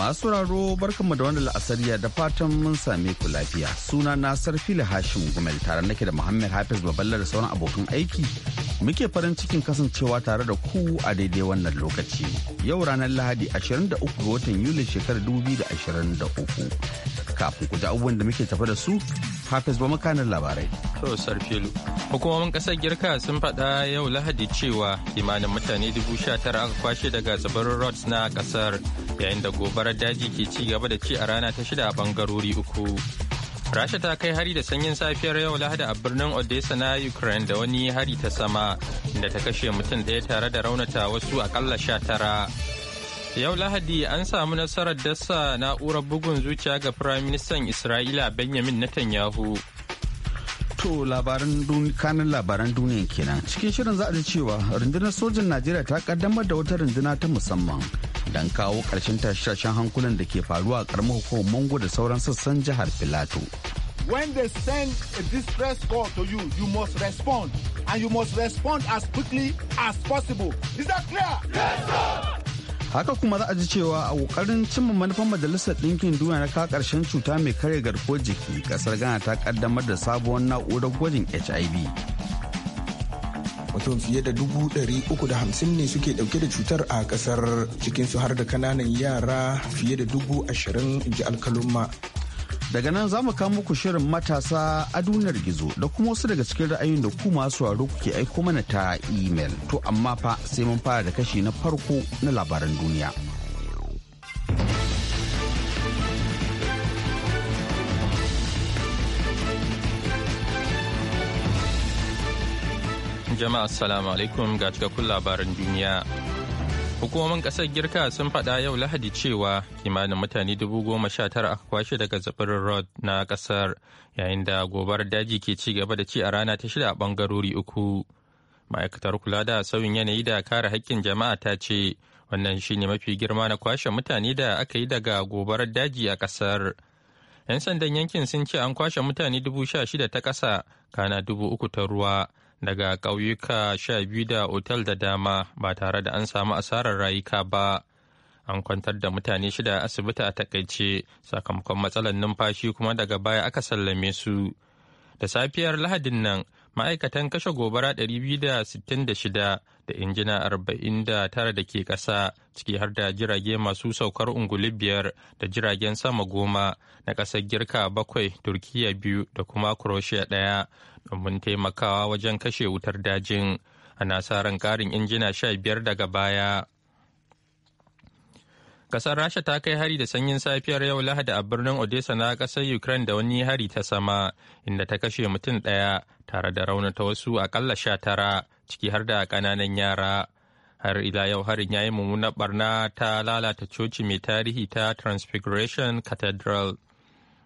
Masu sauraro barkanmu da wani la'asariya da fatan mun same ku lafiya. Suna na Sarfila Hashim Gumel tare nake da Muhammad Hafiz Baballa da sauran abokan aiki. Muke farin cikin kasancewa tare da ku a daidai wannan lokaci. Yau ranar Lahadi 23 ga watan Yuli shekarar 2023. kafin ku abubuwan da muke tafi da su hafiz ba makanan labarai. To sarfilu. Hukumomin kasar Girka sun faɗa yau Lahadi cewa kimanin mutane dubu sha tara aka kwashe daga tsibirin Rhodes na kasar yayin da gobarar daji ke ci gaba da ci a rana ta shida a bangarori uku. Rasha ta kai hari da sanyin safiyar yau Lahadi a birnin Odessa na Ukraine da wani hari ta sama da ta kashe mutum ɗaya tare da raunata wasu akalla sha tara. Yau Lahadi an samu nasarar dasa na'urar bugun zuciya ga Firaministan Isra'ila Benjamin Netanyahu. To labaran kanin labaran duniya kenan cikin shirin za a ji cewa rundunar sojin Najeriya ta kaddamar da wata runduna ta musamman don kawo ƙarshen tashashen hankulan da ke faruwa a ƙaramar hukumar mongo da sauran sassan jihar Filato. When they send a distress call to you, you must respond and you must respond as quickly as possible. Is that clear? Yes, sir! haka kuma za a ji cewa a kokarin cimma manufan majalisar ɗinkin duniya na ka ƙarshen cuta mai karya garkuwar jiki ƙasar ghana ta ƙaddamar da sabuwar na'urar gwajin hiv mutum fiye da dubu ɗari uku da hamsin ne suke ɗauke da cutar a kasar cikinsu har da kananan yara fiye da dubu ashirin in ji Daga nan za mu kawo muku shirin matasa a duniyar gizo da kuma wasu daga cikin ra'ayin da ku masu waro kuke aiko mana ta imel. To amma fa sai mun fara da kashi na farko na labaran duniya. Jama'a assalamu alaikum ga cikakkun labaran duniya. Hukumomin ƙasar Girka sun faɗa yau Lahadi cewa kimanin mutane dubu goma sha tara aka kwashe daga zabirin Rod na ƙasar yayin da gobarar daji ke ci gaba da ci a rana ta shida a bangarori uku. Ma'aikatar kula da sauyin yanayi da kare haƙƙin jama'a ta ce wannan shine mafi girma na kwashe mutane da aka yi daga gobarar daji a ƙasar. 'Yan sandan yankin sun ce an kwashe mutane dubu sha shida ta ƙasa kana dubu uku ta ruwa daga ƙauyuka sha biyu da otal da dama ba tare da an samu asarar rayuka ba an kwantar da mutane shida a asibiti a takaice sakamakon matsalar numfashi kuma daga baya aka sallame su da safiyar lahadin nan ma'aikatan kashe gobara 266 da injina 49 da ke ƙasa ciki har da jirage masu saukar unguli biyar da jiragen sama goma na ƙasar girka bakwai turkiya biyu da kuma croatia ɗaya domin taimakawa wajen kashe wutar dajin ana sa ran ƙarin injina 15 daga baya. Kasar Rasha ta kai hari da sanyin safiyar yau Lahadi a birnin Odessa na kasar Ukraine da wani hari ta sama inda ta kashe mutum daya. tare da raunata wasu akalla sha tara ciki har da ƙananan yara har ila yau harin ya yi mummunar barna ta lalata coci mai tarihi ta transfiguration cathedral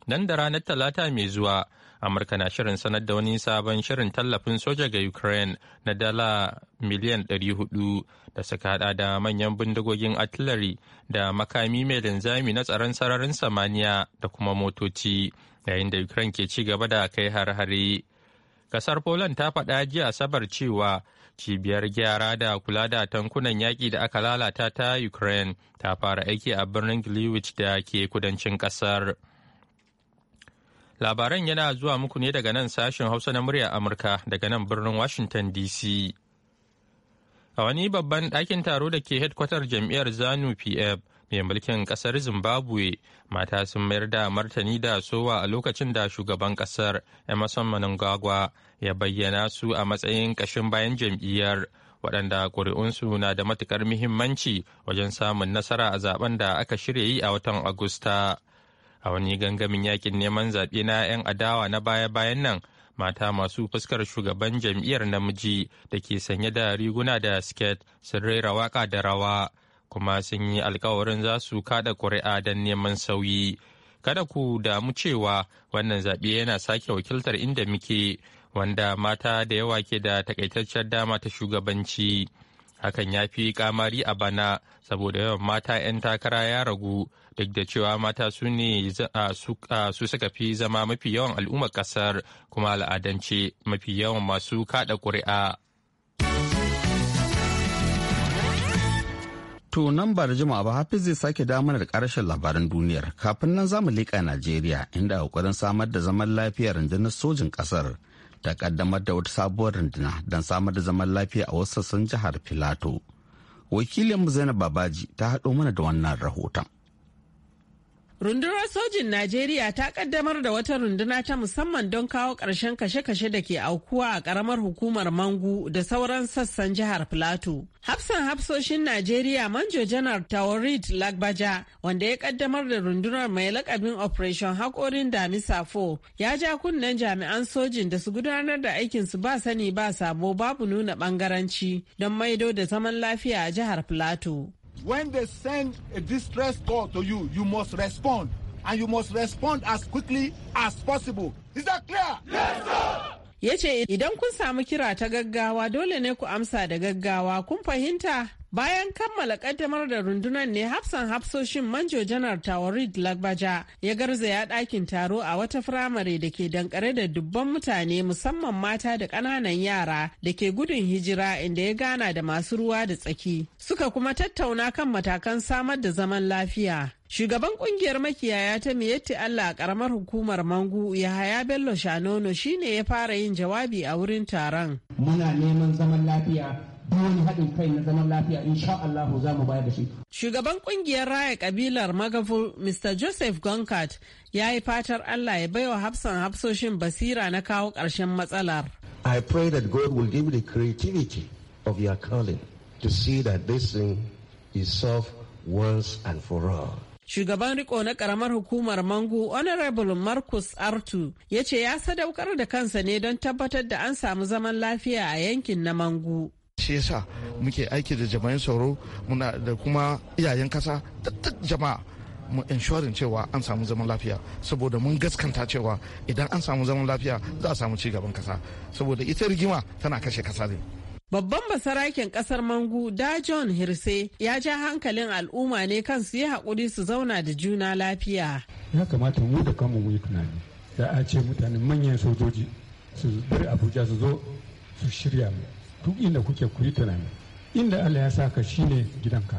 nan da ranar talata mai zuwa amurka na shirin sanar da wani sabon shirin tallafin soja ga ukraine na dala miliyan 400 da suka hada da manyan bindigogin artillery da makami mai linzami na tsaron sararin samaniya da kuma motoci yayin da ukraine ke ci gaba da kai har-hare Kasar Poland ta faɗa jiya sabar cewa cibiyar gyara da kula da tankunan yaƙi da aka lalata ta Ukraine ta fara aiki a birnin Gliwice da ke kudancin ƙasar. Labaran yana zuwa muku ne daga nan sashen Hausa na murya Amurka daga nan birnin Washington DC. A wani babban ɗakin taro da ke hedkwatar jam'iyyar Zanu PF mai mulkin kasar zimbabwe mata sun mayar da martani da sowa a lokacin da shugaban kasar emerson gwagwa ya bayyana su a matsayin kashin bayan jam'iyyar waɗanda ƙuri'unsu na da matuƙar muhimmanci wajen samun nasara a zaben da aka shirya yi a watan agusta a wani gangamin yakin neman zaɓe na 'yan adawa na baya-bayan nan mata masu fuskar shugaban jam'iyyar namiji da ke sanye da riguna da siket sun rera waƙa da rawa kuma sun yi alkawarin za su kada kuri'a don neman sauyi. Kada ku damu cewa wannan zaɓe yana sake wakiltar inda muke wanda mata da yawa ke da takaitaccen dama ta shugabanci. Hakan ya fi kamari a bana saboda yawan mata 'yan takara ya ragu duk da cewa mata su ne su suka fi zama mafi yawan al'ummar ƙasar kuma al'adance mafi yawan masu kada ƙuri'a. To nan ba da jima'a ba Hafiz zai sake damar da ƙarshen labaran duniyar. Kafin nan zamu leƙa Najeriya inda kokarin samar da zaman lafiya rundunar sojin ƙasar ta kaddamar da wata sabuwar runduna don samar da zaman lafiya a wasu sassan jihar Filato. Wakilinmu Zainab Babaji ta haɗo mana da wannan rahoton. Rundunar sojin Najeriya ta kaddamar da wata runduna ta musamman don kawo ƙarshen kashe-kashe da ke aukuwa a ƙaramar hukumar Mangu da sauran sassan jihar Filato. Hafsan hafsoshin Najeriya Manjo Janar Tawarit Lagbaja wanda ya kaddamar da rundunar mai lakabin Operation Hakorin Damisa 4 ya ja kunnen jami'an sojin da su gudanar da aikinsu ba sani ba sabo babu nuna bangaranci don maido da zaman lafiya a jihar Filato. When they send a distress call to you, you must respond. And you must respond as quickly as possible. Is that clear? Yes, sir! Ya ce idan kun samu kira ta gaggawa dole ne ku amsa da gaggawa kun fahimta Bayan kammala kaddamar da rundunar ne hafsan hafsoshin manjo janar Tawarid Lagbaja ya garzaya ɗakin taro a wata firamare da ke dankare da dubban mutane musamman mata da ƙananan yara da ke gudun hijira inda ya gana da masu ruwa da tsaki. Suka kuma tattauna kan matakan samar da zaman lafiya. Shugaban kungiyar makiyaya ta Miyatti Allah a karamar hukumar Mangu Yahaya Bello Shanono shine ya fara yin jawabi a wurin taron. Muna neman zaman lafiya wani haɗin kai na zaman lafiya insha Allah za mu bayar da shi. Shugaban ƙungiyar raya kabilar magafu Mr. Joseph Gonkart ya yi fatar Allah ya baiwa hafsan hafsoshin basira na kawo ƙarshen matsalar. I pray that God will give the creativity of your calling to see that this thing is solved once and for all. shugaban riko na karamar hukumar mangu honorable marcus artu ya ce ya sadaukar da kansa ne don tabbatar da an samu zaman lafiya a yankin na mangu shi yasa muke aiki da jama'in tsaro muna da kuma iyayen kasa da jama'a mu inshorin cewa an samu zaman lafiya saboda mun gaskanta cewa idan an samu zaman lafiya za a samu cigaban kasa saboda ita rigima tana kashe kasa ne Babban basarakin kasar Mangu da John Hirse ya ja hankalin al'umma ne kan su yi haƙuri su zauna da juna lafiya. Ya kamata mu da kanmu mu yi tunani. Da a ce mutane manyan sojoji su bari Abuja su zo su shirya mu. duk inda kuke ku tunani inda Allah ya saka shine gidanka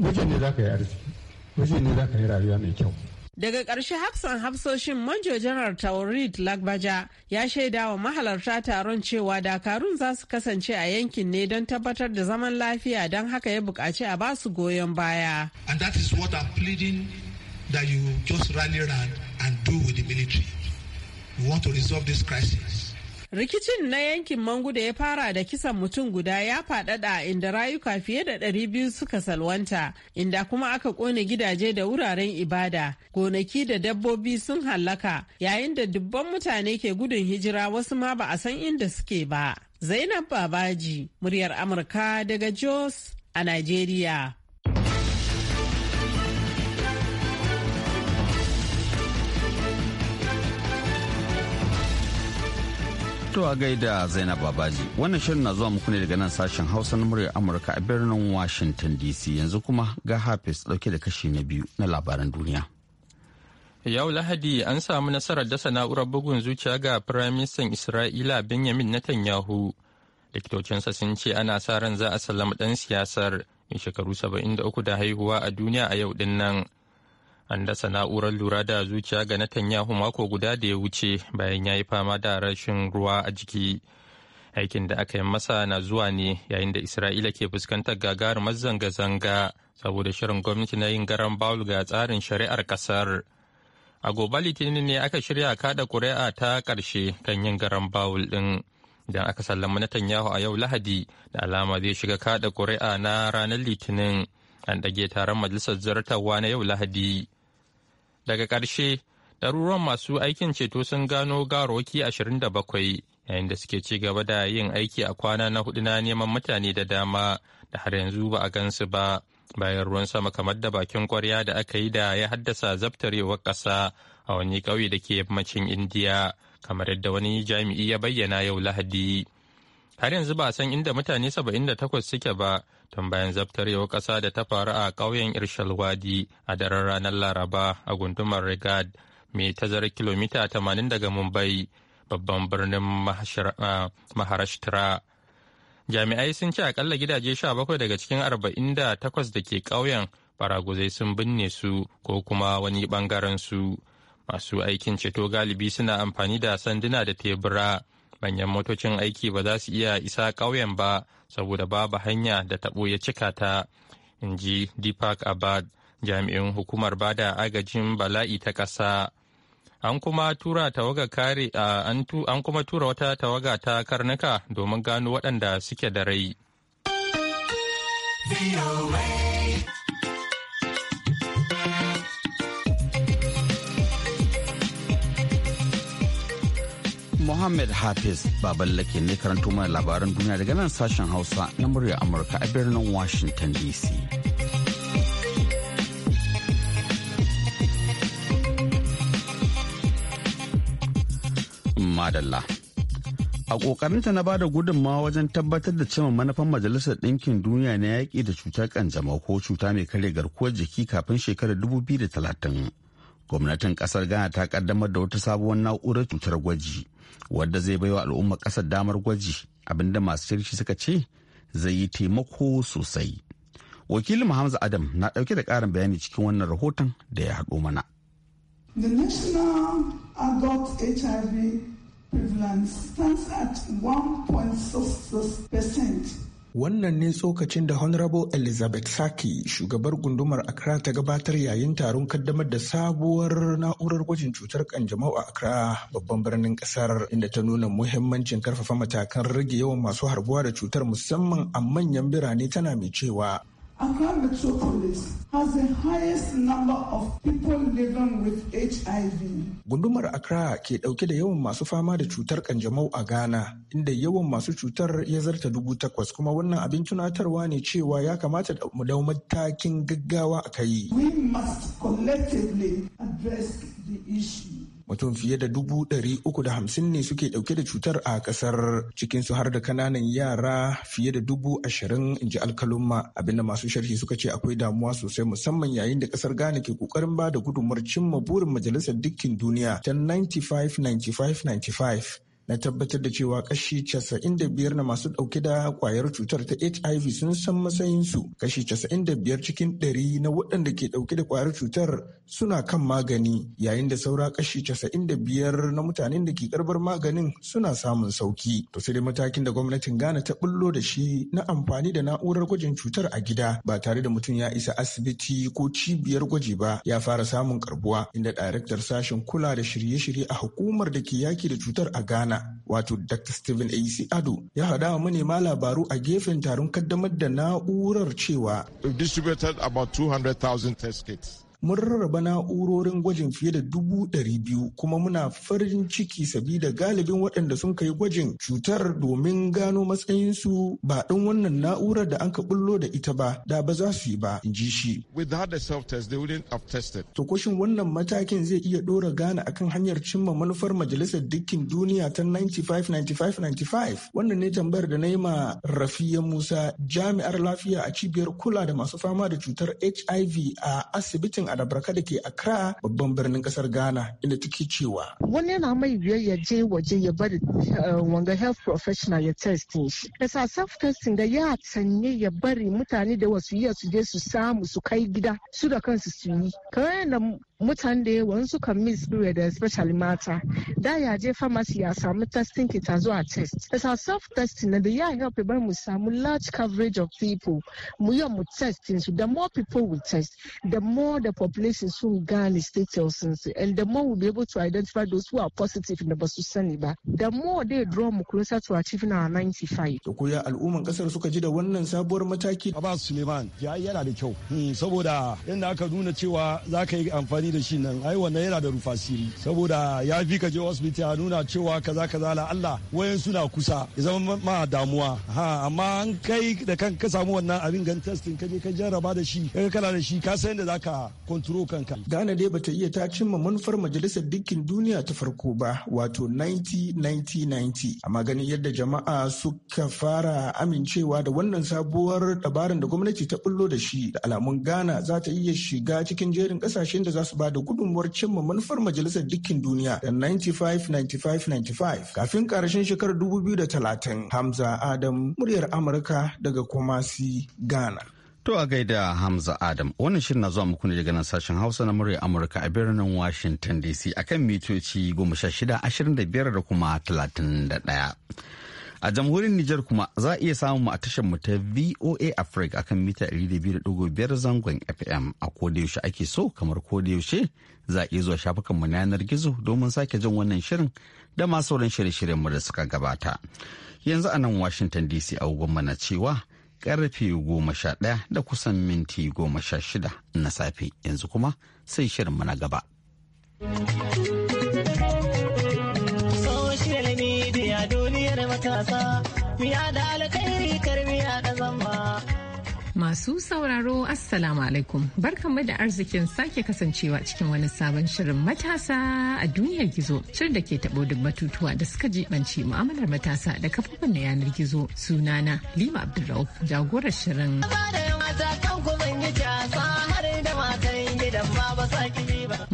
wajen ne zaka yi arziki wajen ne zaka yi rayuwa mai kyau daga ƙarshe hafsan hafsoshin manjo janar taurid lagbaja ya shaida wa mahalarta taron cewa dakarun za su kasance a yankin ne don tabbatar da zaman lafiya don haka ya buƙaci a basu goyon baya and that is what i'm pleading that you just rally around and do with the military we want to resolve this crisis Rikicin na yankin Mangu da ya fara da kisan mutum guda ya faɗaɗa inda rayuka fiye da ɗari biyu suka salwanta, inda kuma aka ƙone gidaje da wuraren ibada, gonaki da dabbobi sun hallaka, yayin da dubban mutane ke gudun hijira wasu ma ba a san inda suke ba. Zainab Babaji, muryar Amurka daga Jos a Najeriya. To a gaida Zainab Babaji wannan shirin na zuwa muku ne daga nan sashen Hausa na muryar Amurka a birnin Washington DC yanzu kuma ga Hafiz dauke da kashi na biyu na labaran duniya. Yau Lahadi an samu nasarar dasa na'urar bugun zuciya ga Firaministan Isra'ila Benjamin Netanyahu. Likitocinsa sun ce ana sa ran za a sallama ɗan siyasar mai shekaru saba'in da uku da haihuwa a duniya a yau din nan. An dasa na'urar lura da zuciya ga Netanyahu mako guda da ya wuce bayan ya yi fama da rashin ruwa a jiki. Aikin da aka yi masa na zuwa ne yayin da Isra'ila ke fuskantar gagarumar zanga-zanga saboda shirin gwamnati na yin garan bawul ga tsarin shari'ar kasar A gobe Litinin ne aka shirya kada ƙuri'a ta ƙarshe kan yin garan bawul ɗin. Idan aka sallama Netanyahu a yau Lahadi da alama zai shiga kada ƙuri'a na ranar Litinin an ɗage taron majalisar zartarwa na yau Lahadi. daga ƙarshe ɗaruruwan masu aikin ceto sun gano gawarwaki 27 yayin da suke ci gaba da yin aiki a kwana na hudu na neman mutane da dama da har yanzu ba a gansu ba bayan ruwan sama kamar da bakin kwarya da aka yi da ya haddasa zabtarewar ƙasa a wani ƙauye da ke yammacin indiya kamar yadda wani jami'i ya bayyana yau lahadi har yanzu ba a san inda mutane 78 suke ba tun bayan zaftarewar ƙasa da ta faru a ƙauyen Irshalwadi a daren ranar Laraba a gundumar Rigad mai tazarar kilomita 80 daga Mumbai babban birnin ah, Maharashtra. Jami'ai sun ce akalla gidaje 17 daga cikin 48 da ke ƙauyen baraguzai sun binne su ko kuma wani bangaren su. Masu aikin ceto galibi suna amfani da sanduna da tebura. manyan motocin aiki ba za su iya isa ƙauyen ba saboda babu hanya da taɓo ya cika ta in ji deepak abad jami'in hukumar bada agajin bala'i ta ƙasa an kuma tura tawaga kare an kuma tura wata tawaga ta karnuka domin gano waɗanda suke da rai. Mohammed Hafiz Baballake ne karanto mana labaran duniya daga nan sashen Hausa na murya Amurka a birnin Washington DC. Madalla. A ƙoƙarinta na bada gudunmawa wajen tabbatar da cewa manufan Majalisar Ɗinkin Duniya na yaƙi da cutar kanjamau ko cuta mai karya garkuwar jiki kafin shekarar 2030. Gwamnatin ƙasar Ghana ta ƙaddamar da wata sabuwar na'urar cutar gwaji wadda zai baiwa al'umma ƙasar damar gwaji abinda masu shirki suka ce zai yi taimako sosai wakilin hamza adam na ɗauke da ƙarin bayani cikin wannan rahoton da ya haɗo mana The national adult HIV prevalence stands at 1.66%. Wannan ne tsokacin da Honorable Elizabeth Saki, shugabar gundumar Accra ta gabatar yayin taron kaddamar da sabuwar na'urar gwajin cutar kanjamau a Accra, babban birnin kasar, inda ta nuna muhimmancin karfafa matakan rage yawan masu harbuwa da cutar musamman a manyan birane tana mai cewa. Accra metropolis has the highest number Gundumar Accra ke ɗauke da yawan masu fama da cutar kanjamau a Ghana, inda yawan masu cutar ya zarta dubu takwas kuma wannan abin tunatarwa ne cewa ya kamata mu dau matakin gaggawa a kai. mutum fiye da dubu ɗari uku da hamsin ne suke ɗauke da cutar a ƙasar cikinsu har da kananan yara fiye da dubu ashirin in ji alkalumma abinda masu sharhi suka ce akwai damuwa sosai musamman yayin da ƙasar ghana ke ƙoƙarin ba da gudunmuwar cimma burin majalisar dukkin duniya ta 95 95 95 na tabbatar da cewa kashi 95 na masu dauke da kwayar cutar ta HIV sun san matsayinsu kashi 95 cikin 100 na waɗanda ke dauke da kwayar cutar suna kan magani yayin da saura kashi 95 na mutanen da ke karbar maganin suna samun sauki to sai dai matakin da gwamnatin Ghana ta bullo da shi na amfani da na'urar gwajin cutar a gida ba tare da mutum ya isa asibiti ko cibiyar gwaji ba ya fara samun karbuwa inda daraktar sashen kula da shirye-shirye a hukumar da ke yaki da cutar a Ghana wato Dr. Stephen A.C. Ado ya faɗa wa manema labaru a gefen taron kaddamar da na'urar cewa. We've distributed about 200,000 test kits. mun rarraba na'urorin gwajin fiye da dubu ɗari biyu kuma muna farin ciki sabida galibin waɗanda sun kai gwajin cutar domin gano matsayinsu ba ɗin wannan na'urar da an ka bullo da ita ba da ba za su yi ba in ji shi. To wannan matakin zai iya ɗora gane akan hanyar cimma manufar majalisar dukkin duniya ta 95-95-95 wannan ne tambayar da na yi ma Rafiya Musa jami'ar lafiya a cibiyar kula da masu fama da cutar HIV a asibitin albarka da ke Accra babban birnin kasar Ghana inda take cewa. Wani yana mai biyar ya je waje ya bari eh, wanga health professional ya testin shi. Kasa self testing da ya sanye ya bari mutane da wasu iya su je su samu su kai gida su da kansu su yi. Kamar yadda mutane da yawa su kan miss period especially mata da ya je pharmacy ya samu testing kit a zuwa test as self testing na da ya help ba mu samu large coverage of people mu yi mu testing su the more people we test the more the population sun gane state of and the more we be able to identify those who are positive in the basu sani ba the more they draw mu closer to achieving our 95 da koya al'umman kasar suka ji da wannan sabuwar mataki Abbas Suleiman ya yana da kyau hmm, saboda inda aka nuna cewa za ka yi amfani amfani da shi nan ai wannan yana da rufa siri saboda ya fi ka je hospital a nuna cewa kaza kaza la Allah wayan suna kusa ya zama ma damuwa ha amma an kai da kan ka samu wannan abin gan testing ka je ka jarraba da shi ka kana da shi ka san da zaka control kanka Ghana dai bata iya ta cimma manufar majalisar dukkan duniya ta farko ba wato 90 90 amma ganin yadda jama'a suka fara amincewa da wannan sabuwar dabarin da gwamnati ta bullo da shi da alamun Ghana za ta iya shiga cikin jerin kasashen da za su ba da gudunmuwar cimma manufar Majalisar Dukkin Duniya da 95-95-95 kafin karshen shekarar 2030. Hamza Adam, muryar Amurka daga Kumasi, Ghana. To a gaida Hamza Adam, wannan shirin na zuwa muku ne daga nan sashen Hausa na murya Amurka a birnin Washington DC akan mitoci 16, 25 da kuma ɗaya. A jamhuriyar Nijar kuma za a iya samun mu a tashar mu ta VOA Africa akan mita 200.5 zangon FM a yaushe ake so kamar kodayaushe za a iya zuwa shafukan mu na yanar gizo domin sake jin wannan shirin da ma sauran shirye-shiryen mu da suka gabata. Yanzu a nan Washington DC a mana cewa karfe goma sha ɗaya da kusan minti goma sha shida na safe yanzu kuma sai shirin mu na gaba. Masu sauraro Assalamu alaikum barkanmu da arzikin sake kasancewa cikin wani sabon shirin matasa a duniyar gizo shirin da ke tabo duk batutuwa da suka jibanci mu'amalar matasa da kafofin na yanar gizo sunana Lima Abdulrauf jagorar shirin.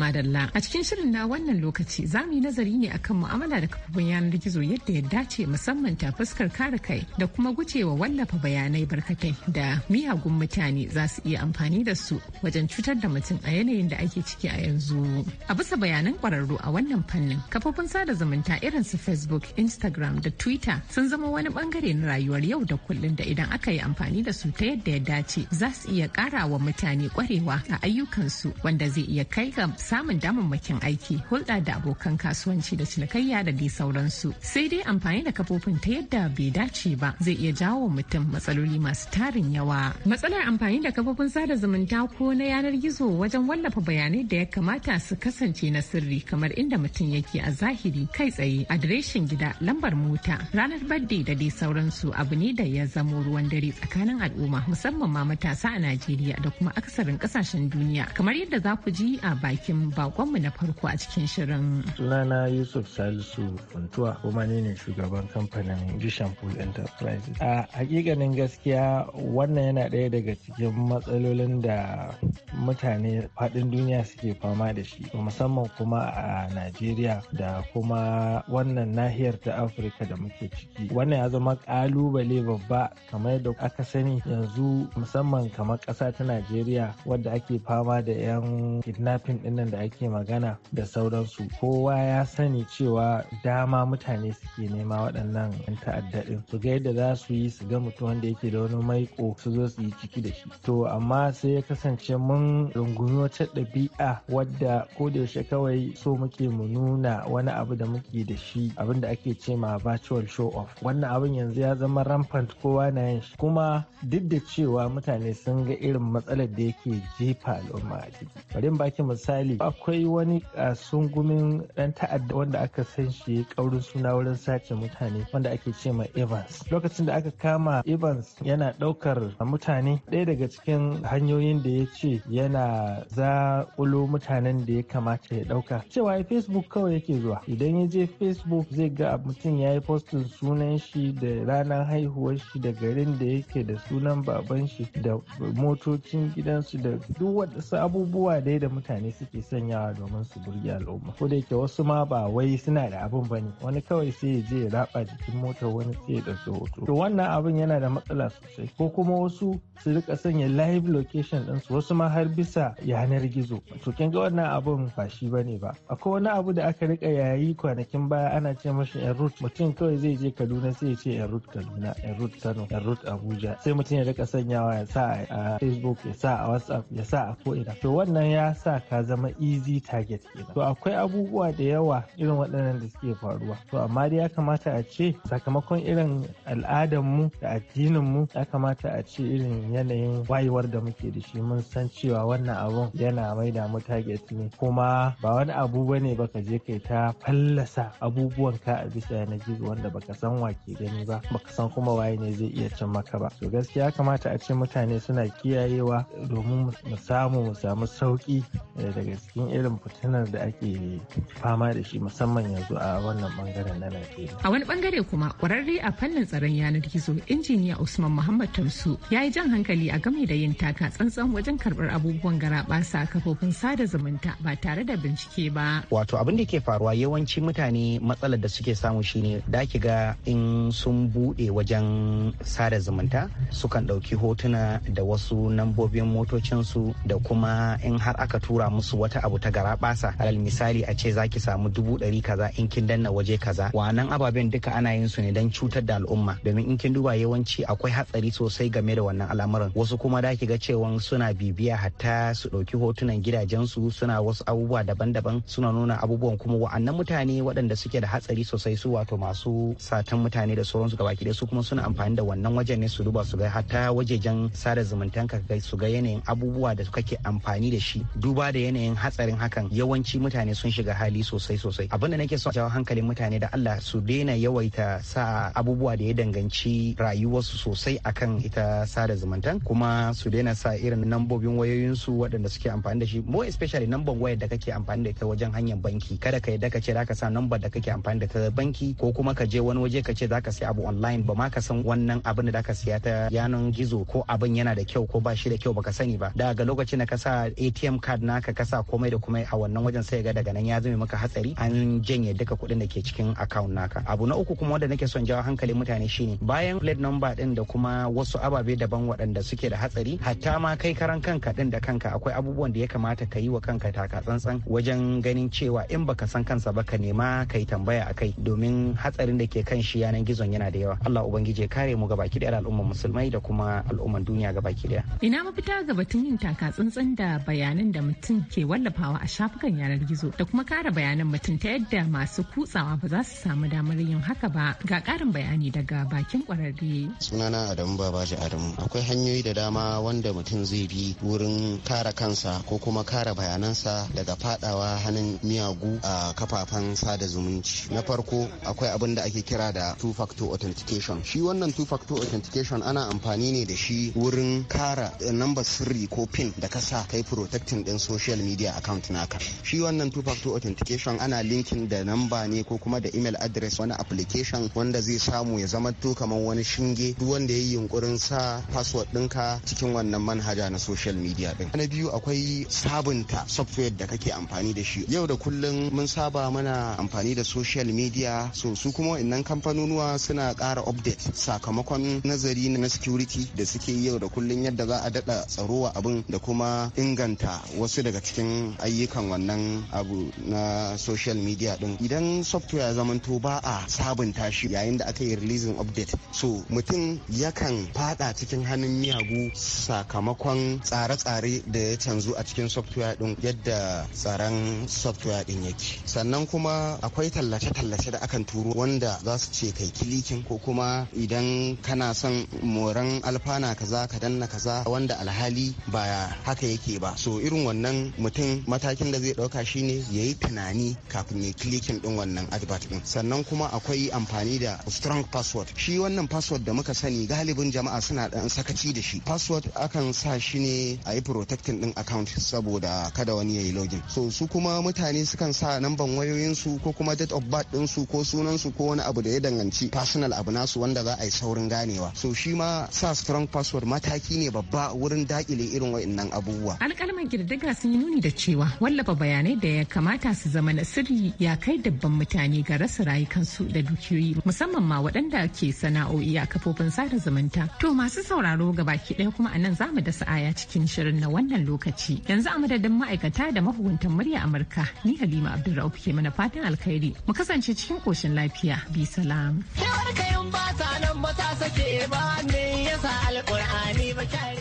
madalla. A cikin shirin na wannan lokaci za mu yi nazari ne akan mu'amala da kafofin yanar gizo yadda ya dace musamman ta fuskar kare kai da kuma gujewa wallafa bayanai barkatai da miyagun mutane za su iya amfani da su wajen cutar da mutum a yanayin da ake ciki a yanzu. A bisa bayanan kwararru a wannan fannin kafofin sada zumunta irin su Facebook, Instagram da Twitter sun zama wani bangare na rayuwar yau da kullum da idan aka yi amfani da su ta yadda ya dace za su iya kara wa mutane kwarewa a ayyukansu wanda zai iya kai ga samun damammakin aiki hulɗa da abokan kasuwanci da cinikayya da dai sauransu sai dai amfani da kafofin ta yadda bai dace ba zai iya jawo wa mutum matsaloli masu tarin yawa matsalar amfani da kafofin sada zumunta ko na yanar gizo wajen wallafa bayanai da ya kamata su kasance na sirri kamar inda mutum yake a zahiri kai tsaye adireshin gida lambar mota ranar birthday da dai sauransu abu ne da ya zamo ruwan dare tsakanin al'umma musamman ma matasa a najeriya da kuma aksarin kasashen duniya kamar yadda za ku ji a bakin samun bakonmu na farko a cikin shirin. Sunana Yusuf Salisu Funtuwa kuma ne ne shugaban kamfanin Vision Pool Enterprises. A hakikanin gaskiya wannan yana ɗaya daga cikin matsalolin da mutane faɗin duniya suke fama da shi musamman kuma a Najeriya da kuma wannan nahiyar ta Afirka da muke ciki. Wannan ya zama ƙalubale babba kamar yadda aka sani yanzu musamman kamar ƙasa ta Najeriya wadda ake fama da 'yan kidnapping ɗinnan da da ake magana da sauransu kowa ya sani cewa dama mutane suke nema waɗannan yan ta'adda su ga yadda za su yi su ga mutum wanda yake da wani maiko su zo su yi ciki da shi to amma sai ya kasance mun rungumi wata ɗabi'a wadda ko da yaushe kawai so muke mu nuna wani abu da muke da shi abin da ake ce ma virtual show off wannan abin yanzu ya zama rampant kowa na yin shi kuma duk da cewa mutane sun ga irin matsalar da yake jefa al'umma a ciki bari baki misali akwai wani kasungumin dan ta'adda wanda aka san shi kaurin suna wurin sace mutane wanda ake ce ma Evans. Lokacin da aka kama Evans yana daukar mutane ɗaya daga cikin hanyoyin da ya ce yana zaƙulo mutanen da ya kamata ya dauka. Cewa Facebook kawai yake zuwa. Idan ya je Facebook zai ga mutum ya yi postin sunan shi da ranar haihuwar shi da garin da yake da sunan baban shi da motocin gidansu da duk wasu abubuwa daya da mutane suke sanyawa domin su burge al'umma ko da yake wasu ma ba wai suna da abin ba ne wani kawai sai ya je ya raba jikin motar wani sai ya ɗauki hoto to wannan abin yana da matsala sosai ko kuma wasu su rika sanya live location su wasu ma har bisa yanar gizo to kin ga wannan abin ba shi ba ne ba akwai wani abu da aka rika yayi kwanakin baya ana ce mashi en route mutum kawai zai je kaduna sai ya ce en route kaduna en route kano en route abuja sai mutum ya rika sanyawa ya sa a facebook ya sa a whatsapp ya sa a ko'ina to wannan ya sa ka zama easy target kenan to akwai abubuwa da yawa irin waɗannan da suke faruwa to amma dai ya kamata a ce sakamakon irin al'adarmu da addininmu ya kamata a ce irin yanayin wayewar da muke da shi mun san cewa wannan abun yana maida mu target ne kuma ba wani abu bane ka je kai ta fallasa abubuwan ka a bisa na gizo wanda baka san wake gani ba baka san kuma waye ne zai iya cin maka ba to gaskiya ya kamata a ce mutane suna kiyayewa domin mu samu mu samu sauki eh, daga cikin irin fitinar da ake fama da shi musamman yanzu a wannan bangaren na Najeriya. A wani bangare kuma kwararre a fannin tsaron yanar gizo injiniya Usman Muhammad Tamsu ya yi jan hankali a game da yin taka tsantsan wajen karɓar abubuwan garaɓasa kafofin sada zumunta ba tare da bincike ba. Wato abin da ke faruwa yawanci mutane matsalar da suke samu shine da ki ga in sun buɗe wajen sada zumunta sukan ɗauki hotuna da wasu nambobin motocinsu da kuma in har aka tura musu wata wata abu ta gara basa alal misali a ce zaki samu dubu ɗari kaza in kin danna waje kaza wannan ababen duka ana yin su ne dan cutar da al'umma domin in kin duba yawanci akwai hatsari sosai game da wannan al'amuran wasu kuma da ki ga cewa suna bibiya hatta su ɗauki hotunan gidajensu suna wasu abubuwa daban-daban suna nuna abubuwan kuma wa'annan mutane waɗanda suke da hatsari sosai su wato masu satan mutane da sauransu gabaki da su kuma suna amfani da wannan wajen ne su duba su ga hatta wajejen sada zumuntanka su ga yanayin abubuwa da kake amfani da shi duba da yanayin hatsarin hakan yawanci mutane sun shiga hali sosai sosai abin da nake son jawo hankalin mutane da Allah su daina yawaita sa abubuwa da ya danganci rayuwarsu sosai akan ita sada zumuntan kuma su daina sa irin nambobin wayoyinsu waɗanda suke amfani da shi mo especially namban wayar da kake amfani da ita wajen hanyar banki kada ka yadda ka ce zaka sa nambar da kake amfani da ta banki ko kuma ka je wani waje ka ce zaka sai abu online ba ma ka san wannan abin da zaka siya ta yanan gizo ko abin yana da kyau ko ba shi da kyau baka sani ba daga lokacin da ka sa ATM card naka ka sa ko komai da komai a wannan wajen sai ga daga nan ya zame maka hatsari an janye duka kuɗin da ke cikin account naka abu na uku kuma wanda nake son jawo hankalin mutane shine bayan plate number din da kuma wasu ababe daban waɗanda suke da hatsari hatta ma kai karan kanka din da kanka akwai abubuwan da ya kamata ka yi wa kanka taka tsantsan wajen ganin cewa in baka san kansa ba ka nema ka yi tambaya a kai domin hatsarin da ke kan shi yanan gizon yana da yawa Allah ubangiji kare mu gabaki daya al'umma musulmai da kuma al'umman duniya gabaki daya ina mafita ga batun yin taka tsantsan da bayanan da mutum ke wallafa wallafawa a shafukan yanar gizo da kuma kara bayanan mutum ta yadda masu kutsawa ba za su samu damar yin haka ba ga karin bayani daga bakin kwararre. sunana adamu babaji adamu akwai hanyoyi da dama wanda mutum zai bi wurin kara kansa ko kuma kara bayanansa daga fadawa hannun miyagu a kafafen sada zumunci na farko akwai abin da ake kira da two factor authentication shi wannan two factor authentication ana amfani ne da shi wurin kara lambar sirri ko pin da ka sa kai protecting din social media account naka shi wannan two factor authentication ana linkin da number ne ko kuma da email address wani application wanda zai samu ya zama to kamar wani shinge duk wanda ya yi yunkurin sa password dinka cikin wannan manhaja na social media din na biyu akwai sabunta software da kake amfani da shi yau da kullum mun saba mana amfani da social media so su kuma wa'annan kamfanonuwa suna ƙara update sakamakon nazari na security da suke yau da kullum yadda za a daɗa tsaro wa abin da kuma inganta wasu daga cikin ayyukan wannan abu na social media din idan software zamanto ba a sabunta shi yayin da aka yi releasing update so mutum yakan fada cikin hannun miyagu sakamakon tsare-tsare da ya canzu a cikin software din yadda tsaron software din yake sannan kuma akwai tallace-tallace da akan turo wanda za su ce kai kilikin ko kuma idan kana son moran alfana kaza ka danna kaza wanda alhali ba haka yake ba so irin wannan mutum mutum matakin da zai dauka shine ya yi tunani kafin ya klikin din wannan advert din sannan kuma akwai amfani da strong password shi wannan password da muka sani galibin jama'a suna dan sakaci da shi password akan sa shi ne a yi protecting din account saboda kada wani ya yi login so su kuma mutane sukan sa namban wayoyinsu ko kuma date of birth su ko sunansu ko wani abu da ya danganci personal abu nasu wanda za a yi saurin ganewa so shi ma sa strong password mataki ne babba wurin dakile irin wa'annan abubuwa alƙalman girdiga sun yi nuni da cewa wallafa bayanai da ya kamata su zama na sirri ya kai dabban mutane ga rasa rayukansu da dukiyoyi musamman ma waɗanda ke sana'o'i a kafofin sada zumunta. To masu sauraro ga baki ɗaya kuma a nan za mu dasa aya cikin shirin na wannan lokaci. Yanzu a madadin ma'aikata da mahukuntan murya Amurka ni Halima Abdulrauf ke mana fatan alkhairi. Mu kasance cikin koshin lafiya. Bi salam.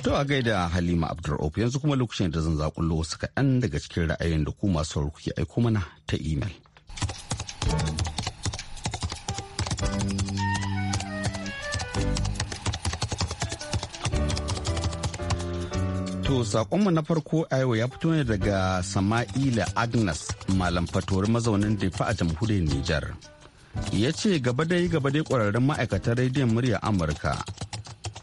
To a gaida Halima Abdulrauf yanzu kuma lokacin da zan zaƙullo wasu kaɗan daga cikin ra'ayin da ku masu sauraro kuke aiko mana ta imel. To saƙonmu na farko a yau ya fito ne daga Sama'ila Agnes Malam Fatori mazaunin Defa a jamhuriyar Nijar. Ya ce gaba dai gaba dai kwararrun ma'aikatan rediyon murya Amurka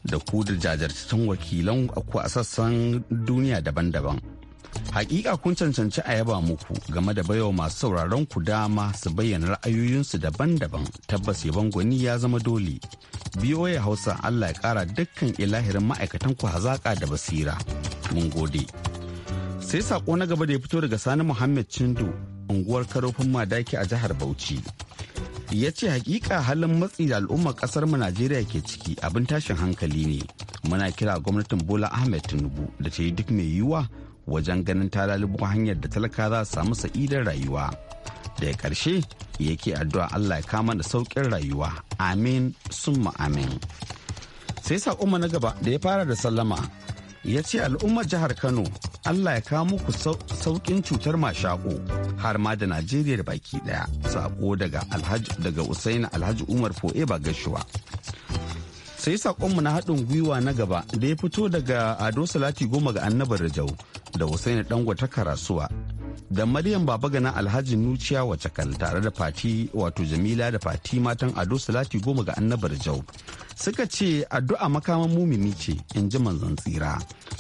da ku da jajarcin wakilan a sassan duniya daban-daban. Hakika kun cancanci a yaba muku game da baiwa masu sauraron ku dama su bayyana ra'ayoyinsu daban-daban tabbas yaban gwani ya zama dole. ya Hausa Allah ya kara dukkan ilahirin ma'aikatan ku hazaka da basira. Mun gode. Sai sako na gaba da ya fito daga Sani Muhammad cindu unguwar karofin madaki a jihar Bauchi. ya ce hakika halin matsi da al'ummar kasar mu Najeriya ke ciki abin tashin hankali ne. Muna kira gwamnatin Bola Ahmed Tinubu da ta yi duk mai yiwuwa wajen ganin ta lalubo hanyar da talaka za samu sa'idar rayuwa da daga ƙarshe yake addu'a allah ya kama da sauƙin rayuwa amin summa amin sai saƙonmu na gaba da ya fara da sallama ya ce al'ummar jihar kano allah ya kawo muku sauƙin cutar mashaƙo har ma da najeriya baki ɗaya saƙo daga daga usaini alhaji umar fo'e ba gashuwa sai saƙonmu na haɗin gwiwa na gaba da ya fito daga ado salati goma ga annabar rajau da Hussaini Dangwa ta Karasuwa da Maryam Babagana Alhaji Nuciya wace kal tare da Fati wato Jamila da Fati matan Ado Salati goma ga Annabar Jau suka ce addu'a makaman mumini ce in ji manzon tsira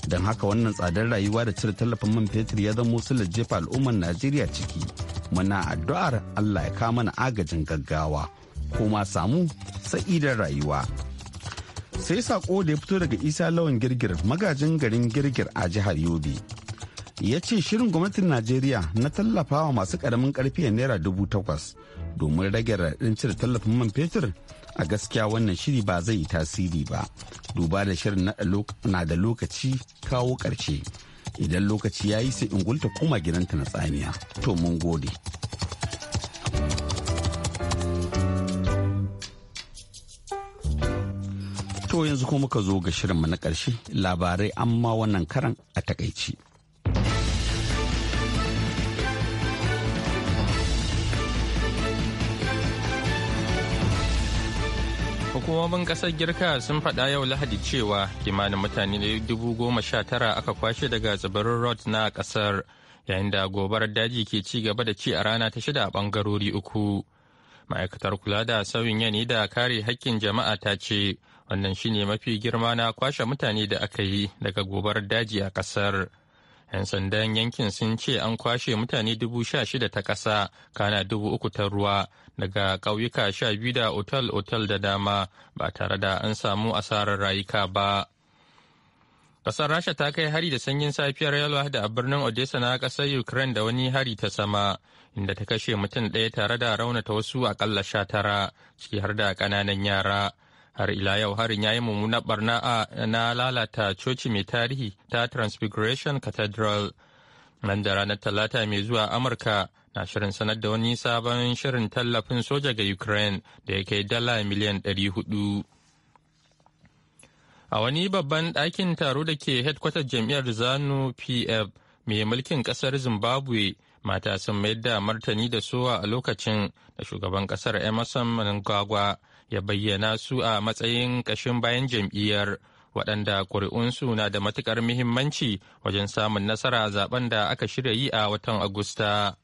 don haka wannan tsadar rayuwa da cire tallafin man fetur ya zama silar jefa al'ummar Najeriya ciki muna addu'ar Allah ya kama mana agajin gaggawa ko samu sa'idar rayuwa sai sako da ya fito daga isa lawan girgir magajin garin girgir a jihar yobe ya ce shirin gwamnatin najeriya na tallafa wa masu karamin karfi naira dubu takwas domin rage raɗin cire tallafin man fetur a gaskiya wannan shiri ba zai yi tasiri ba duba da shirin na da lokaci kawo ƙarshe idan lokaci ya yi sai gulta koma gidanta na tsamiya to mun gode to yanzu kuma muka zo ga shirinmu na ƙarshe labarai amma wannan karan a takaici. hukumomin kasar girka sun faɗa yau lahadi cewa kimanin mutane dubu goma sha tara aka kwashe daga tsibirin rod na kasar yayin da gobarar daji ke ci gaba da ci a rana ta shida a bangarori uku ma'aikatar kula da sauyin yanayi da kare hakkin jama'a ta ce wannan shine mafi girma na kwashe mutane da aka yi daga gobarar daji a kasar. 'Yan sandan yankin sun ce an kwashe mutane dubu sha shida ta ƙasa, kana dubu uku ta ruwa daga ƙauyuka sha biyu da otal-otal da dama ba tare da an samu asarar rayuka ba. ƙasar Rasha ta kai hari da sanyin safiyar yalwa da a birnin Odessa na ƙasar Ukraine da wani hari ta sama, inda ta kashe mutum ɗaya tare da raunata wasu akalla sha tara, ciki har da ƙananan yara. har ila yau harin ya yi mummunar barna a na lalata coci mai tarihi ta transfiguration cathedral nan da ranar talata mai zuwa amurka na shirin sanar da wani sabon shirin tallafin soja ga ukraine da ya kai dala miliyan 400 a wani babban ɗakin taro da ke hedkwatar jam'iyyar zanu pf mai mulkin ƙasar zimbabwe mata sun mayar da martani da sowa a lokacin da shugaban ƙasar emerson mnangagwa ya bayyana su a matsayin ƙashin bayan jam'iyyar waɗanda ƙuri'unsu na da matuƙar muhimmanci wajen samun nasara zaben da aka shirya yi a watan Agusta.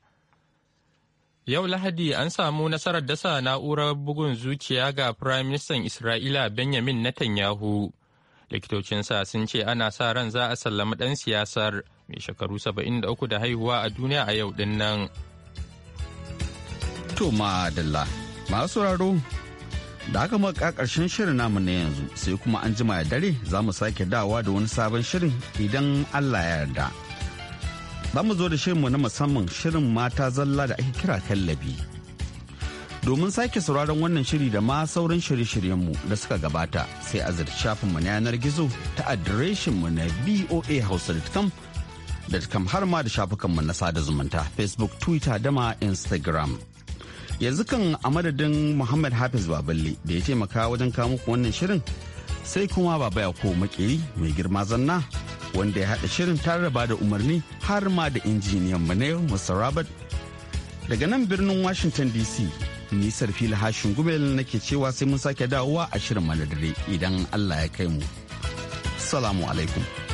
Yau Lahadi an samu nasarar dasa na'urar bugun zuciya ga Firayim Ministan Isra'ila Benjamin Netanyahu. Likitocinsa sun ce ana sa ran za a sallami ɗan siyasar mai shekaru 73 da haihuwa a duniya a yau ɗin nan. masu Da aka muka karshen shirin namu na yanzu sai kuma an jima ya dare za mu sake dawa da wani sabon shirin idan Allah ya yarda. Za mu zo da shirinmu na musamman shirin mata zalla da ake kira kallabi. Domin sake sauraron wannan shiri da ma sauran shirye-shiryenmu da suka gabata sai a zira shafinmu na yanar gizo ta adireshinmu na voahausa.com da kam har ma da shafukanmu na sada zumunta Facebook, Twitter da ma Instagram. yanzu kan a madadin muhammad hafiz baballe da ya taimaka wajen kawo muku wannan shirin sai kuma baba ya ko makeri mai girma zanna wanda ya haɗa shirin tarraba da umarni har ma da injiniyan mu na yau mr daga nan birnin washington dc nisar fili hashin gumel nake cewa sai mun sake dawowa a shirin madadare idan allah ya kai mu salamu alaikum